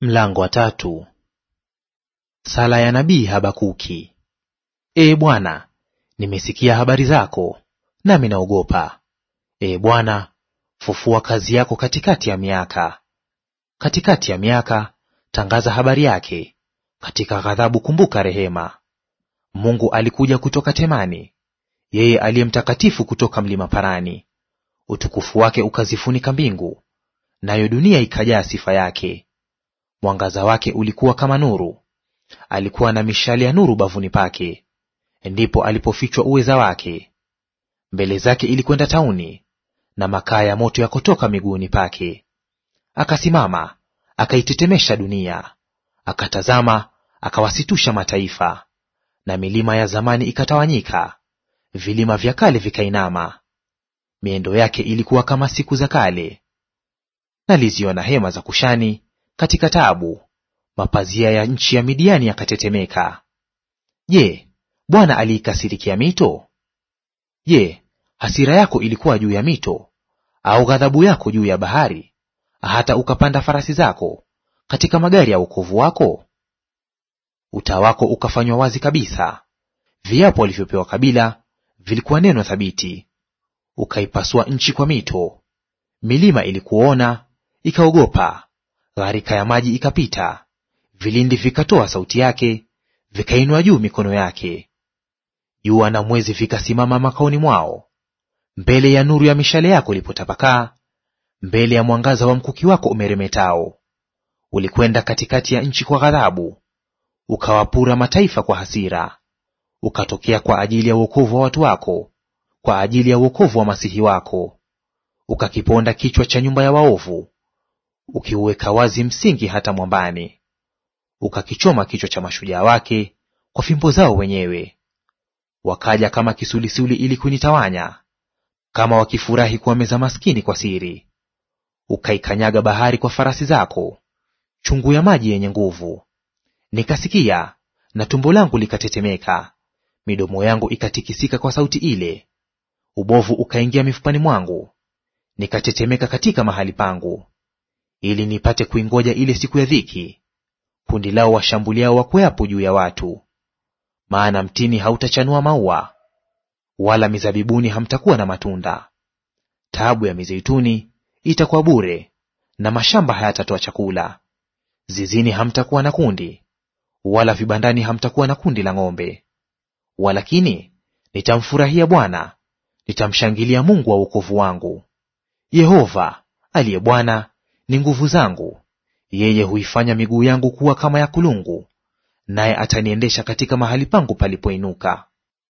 Mlango wa tatu. Sala ya nabii Habakuki. e Bwana, nimesikia habari zako, nami naogopa. e Bwana, fufua kazi yako katikati ya miaka. Katikati ya miaka tangaza habari yake, katika ghadhabu kumbuka rehema. Mungu alikuja kutoka Temani, yeye aliye mtakatifu kutoka mlima Parani. Utukufu wake ukazifunika mbingu, nayo dunia ikajaa sifa yake mwangaza wake ulikuwa kama nuru, alikuwa na mishale ya nuru bavuni pake, ndipo alipofichwa uweza wake. Mbele zake ilikwenda tauni, na makaa ya moto yakotoka miguuni pake. Akasimama, akaitetemesha dunia, akatazama, akawasitusha mataifa, na milima ya zamani ikatawanyika, vilima vya kale vikainama. Miendo yake ilikuwa kama siku za kale. Naliziona hema za Kushani katika tabu mapazia ya nchi ya Midiani yakatetemeka. Je, Bwana aliikasirikia mito? Je, hasira yako ilikuwa juu ya mito, au ghadhabu yako juu ya bahari, hata ukapanda farasi zako katika magari ya wokovu wako? Uta wako ukafanywa wazi kabisa, viapo walivyopewa kabila vilikuwa neno thabiti. Ukaipasua nchi kwa mito, milima ilikuona ikaogopa, Gharika ya maji ikapita, vilindi vikatoa sauti yake, vikainua juu mikono yake. Jua na mwezi vikasimama makaoni mwao, mbele ya nuru ya mishale yako ilipotapakaa, mbele ya mwangaza wa mkuki wako umeremetao. Ulikwenda katikati ya nchi kwa ghadhabu, ukawapura mataifa kwa hasira. Ukatokea kwa ajili ya uokovu wa watu wako, kwa ajili ya uokovu wa masihi wako. Ukakiponda kichwa cha nyumba ya waovu, ukiuweka wazi msingi hata mwambani, ukakichoma kichwa cha mashujaa wake kwa fimbo zao wenyewe. Wakaja kama kisulisuli ili kunitawanya, kama wakifurahi kuwameza maskini kwa siri. Ukaikanyaga bahari kwa farasi zako, chungu ya maji yenye nguvu. Nikasikia na tumbo langu likatetemeka, midomo yangu ikatikisika kwa sauti ile. Ubovu ukaingia mifupani mwangu, nikatetemeka katika mahali pangu ili nipate kuingoja ile siku ya dhiki, kundi lao washambuliao wakweapo juu ya watu. Maana mtini hautachanua maua, wala mizabibuni hamtakuwa na matunda. Taabu ya mizeituni itakuwa bure, na mashamba hayatatoa chakula. Zizini hamtakuwa na kundi, wala vibandani hamtakuwa na kundi la ng'ombe. Walakini nitamfurahia Bwana, nitamshangilia Mungu wa wokovu wangu. Yehova aliye Bwana ni nguvu zangu; yeye huifanya miguu yangu kuwa kama ya kulungu, naye ataniendesha katika mahali pangu palipoinuka.